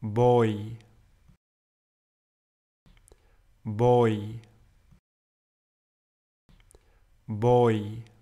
Boy. Boy. Boy.